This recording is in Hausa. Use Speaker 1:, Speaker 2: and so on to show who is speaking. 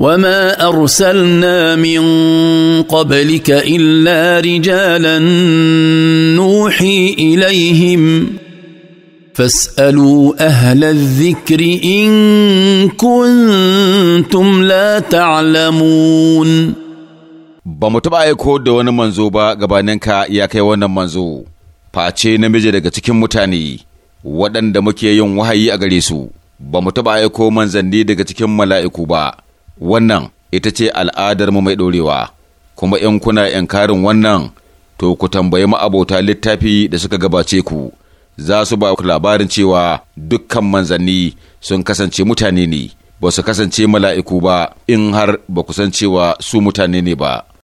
Speaker 1: وما ارسلنا من قبلك الا رجالا نوحي اليهم فاسالوا اهل الذكر ان كنتم لا تعلمون
Speaker 2: ba mu taɓa aiko da wani manzo ba gabaninka ya kai wannan manzo face namiji daga cikin mutane waɗanda muke yin wahayi a gare su ba mu taɓa aiko manzanni daga cikin mala'iku ba wannan ita ce al'adar mu mai ɗorewa, kuma in kuna karin wannan to ku tambayi ma'abota littafi da suka gabace ku, za su ba ku labarin cewa dukkan manzanni sun kasance mutane ne, ba su kasance mala'iku ba in har ba ku san cewa su mutane ne ba.